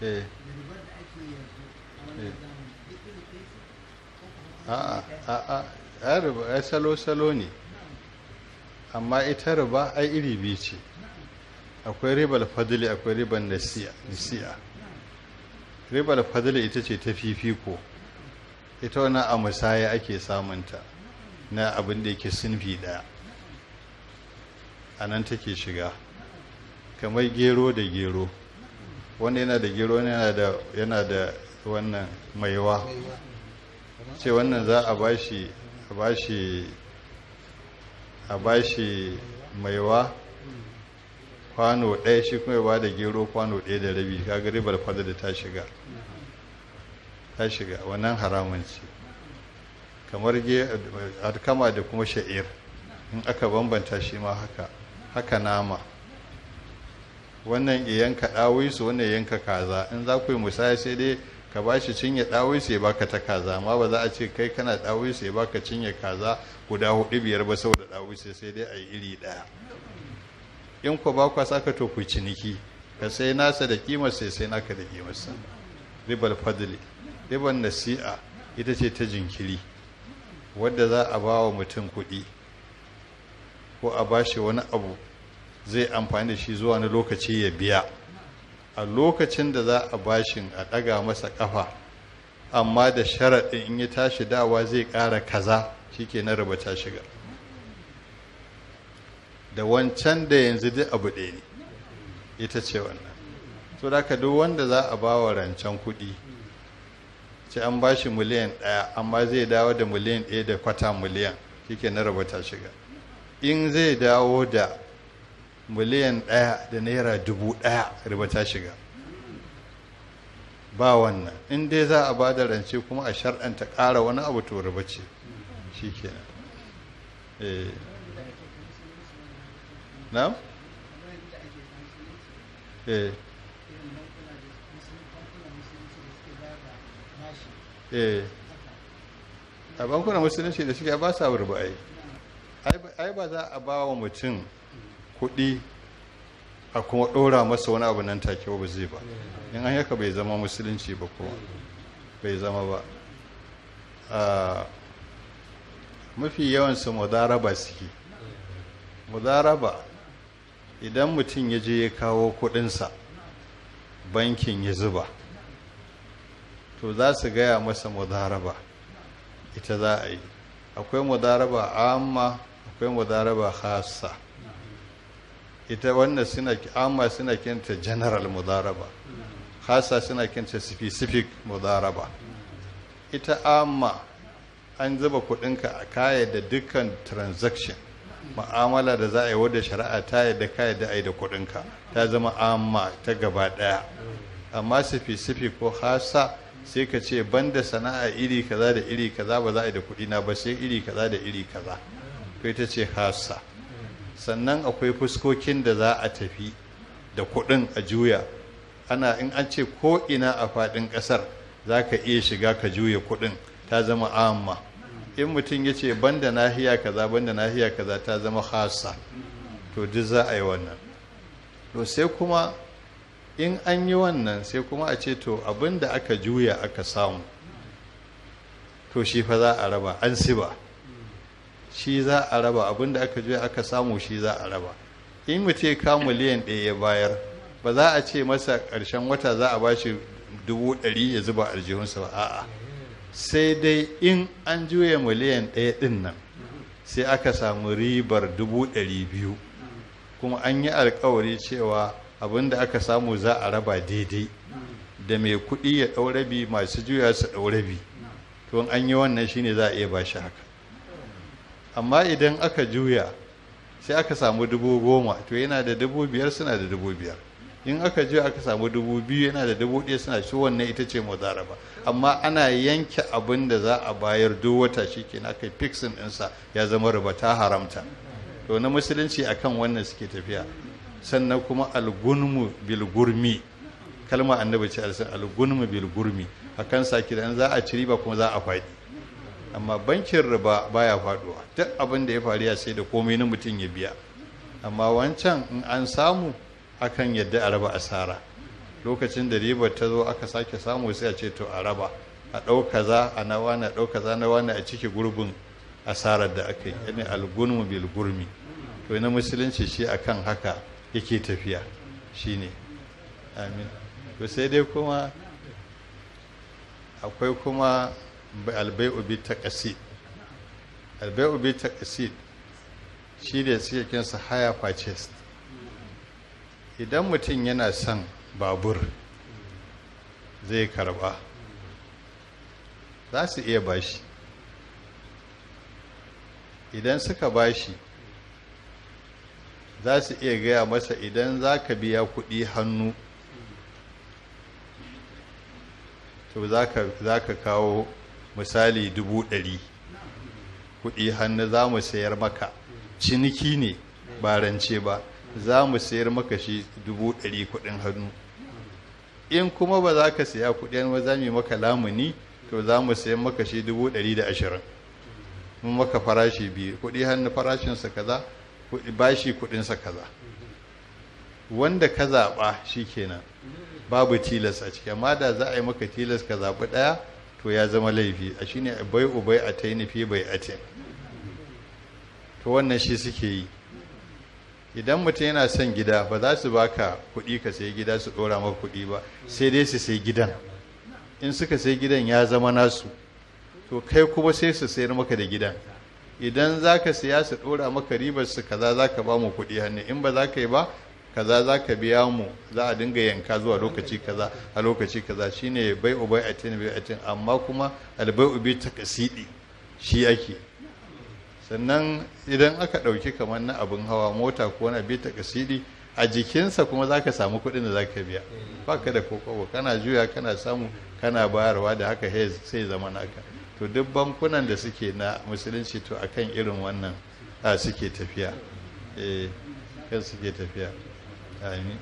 Eh. Eh. a riba salo-salo ne amma ita riba ai iri biyu ce akwai ribar fadili akwai ribar nasi'a ribar fadili ita ce ta fifiko ita wani a musaya ake samunta na abin da yake sinfi daya a nan take shiga kamar gero da gero wanda yana da gero yana da wannan maiwa ce wannan za a bashi a bashi a bashi maiwa kwano ɗaya shi kuma ba da gero kwano ɗaya da rabi kaga ribar fada da ta shiga ta shiga wannan kamar ce kamar kama da kuma sha'ir in aka bambanta shi ma haka haka nama wannan ya yanka ɗawisu wannan ya yanka kaza in za ku yi musaya sai dai ka ba shi cinye ɗawisu ya baka ta kaza amma ba za a ce kai kana ɗawisu ya baka cinye kaza guda hudu biyar ba saboda ɗawisu sai dai a yi iri ɗaya in ku ba ku saka to ku ciniki ka sai nasa da kimar sai sai naka da sa ribar fadli ribar nasi'a ita ce ta jinkiri wadda za a ba wa mutum kuɗi ko a ba shi wani abu zai amfani da shi zuwa na lokaci ya biya a lokacin da za a bashin a ɗaga masa ƙafa amma da sharaɗin in ya tashi dawa zai ƙara kaza shi ke na raba ta shiga da wancan da yanzu duk abu ɗaya ne ita ce wannan to da duk wanda za a ba wa rancen kuɗi ce an ba shi miliyan ɗaya amma zai dawo da miliyan ɗaya da kwata miliyan shi ke na raba ta shiga in zai dawo da miliyan ɗaya da naira dubu ɗaya riba ta shiga ba wannan in dai za a ba da rance kuma a shar'anta ƙara wani abu to riba ce shi ke nan. Eh. na? Eh. Eh. a bankunan musulunci da suke ba sa riba ai ai ba za a ba wa mutum kuɗi a kuma ɗora masa wani abu nan take ba zai ba in an yaka bai zama musulunci ba kuma bai zama ba mafi yawansu mudaraba suke mudaraba idan mutum ya je ya kawo kuɗinsa bankin ya zuba to za su gaya masa mudaraba ita za a yi akwai mudaraba amma akwai mudaraba khasa. ita wannan suna amma suna kinta general mudaraba hasa suna kinta specific mudaraba ita amma an zuba kudinka a kaya da dukkan transaction ma'amala da za a yi wadda shari'a ta yi da kaya da ai da kudinka ta zama amma ta gaba daya amma specific ko hasa sai ka ce banda sana'a iri kaza da iri kaza ba za a yi da kudina na ba sai iri kaza da iri kaza ita ce hasa sannan akwai fuskokin da za a tafi da kuɗin a juya ana in an ce ko ina a faɗin ƙasar za ka iya shiga ka juya kuɗin ta zama amma in mutum ya ce ban da nahiya kaza da nahiya kaza ta zama hasa to duk za a yi wannan to sai kuma in an yi wannan sai kuma a ce to abin da aka juya aka samu to shi fa za a raba an siba shi za a raba abin da aka juya aka samu shi za a raba in mu ce ka miliyan ɗaya ya bayar ba za a ce masa ƙarshen wata za a ba shi dubu ɗari ya zuba aljihunsa ba a'a sai dai in an juya miliyan ɗaya ɗin nan sai aka samu ribar dubu ɗari biyu kuma an yi alkawari cewa abin da aka samu za a raba daidai da mai kuɗi ya ɗaurabi masu juya su ɗaurabi to an yi wannan shine za a iya ba shi haka amma idan aka juya sai aka samu dubu goma to yana da dubu biyar suna da dubu biyar in aka juya aka samu dubu biyu yana da dubu ɗaya suna shi wannan ita ce mazaraba amma ana yanke abin da za a bayar duk wata shi ke na kai fixin ɗinsa ya zama riba ta haramta to na musulunci akan wannan suke tafiya sannan kuma algunmu bilgurmi kalma annabi ce algunmu bilgurmi akan saki da za a ci riba kuma za a faɗi amma bankin riba baya faduwa duk abin da ya faru ya sai da komai na mutum ya biya amma wancan in an samu akan yadda a raba asara lokacin da ribar ta zo aka sake samu sai a ce to a raba a ɗau kaza a na wani a na wani a cike gurbin asarar da aka yi yani algurmu bil gurmi to na musulunci shi akan haka yake tafiya shine amin to sai dai kuma akwai kuma albai'u bi taqsid albai'u bi taqsid shi da suke kinsa haya purchase idan mutum yana son babur zai karba za su iya bashi idan suka bashi za su iya gaya masa idan za ka biya kuɗi hannu to za ka kawo misali dubu ɗari kuɗi hannu za mu sayar maka ciniki ne ba rance ba za mu sayar maka shi dubu ɗari kuɗin hannu in kuma ba za ka saya kuɗi ba za mu maka lamuni to za mu sayar maka shi dubu ɗari da ashirin mun maka farashi biyu kuɗi hannu farashinsa kaza bashi kuɗinsa kaza wanda ka zaɓa shi kenan babu tilas a ciki amma da za a yi maka tilas ka zaɓi ɗaya to ya zama laifi a shine bai ubai a ta nufi bai a ta to wannan shi suke yi idan mutum yana son gida ba za su baka kuɗi ka sai gida su ɗora maka kuɗi ba sai dai su sai gidan in suka sai gidan ya zama nasu to kai kuma sai su sayar maka da gidan idan za ka siya su ɗora maka ribar su kaza za ka ba mu kuɗi hannu in ba za ka yi ba kaza za ka biya mu za a dinga yanka zuwa lokaci kaza a lokaci kaza shine bai ubai a tin bai a tin amma kuma albai ubi ta kasidi shi ake sannan idan aka ɗauki kamar na abin hawa mota ko na bi ta kasidi a jikinsa kuma za ka samu kuɗin da za ka biya ba ka da kokobo kana juya kana samu kana bayarwa da haka sai zama naka to duk bankunan da suke na musulunci to akan irin wannan suke tafiya eh kan suke tafiya آمين